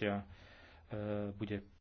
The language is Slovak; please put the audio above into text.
E, bude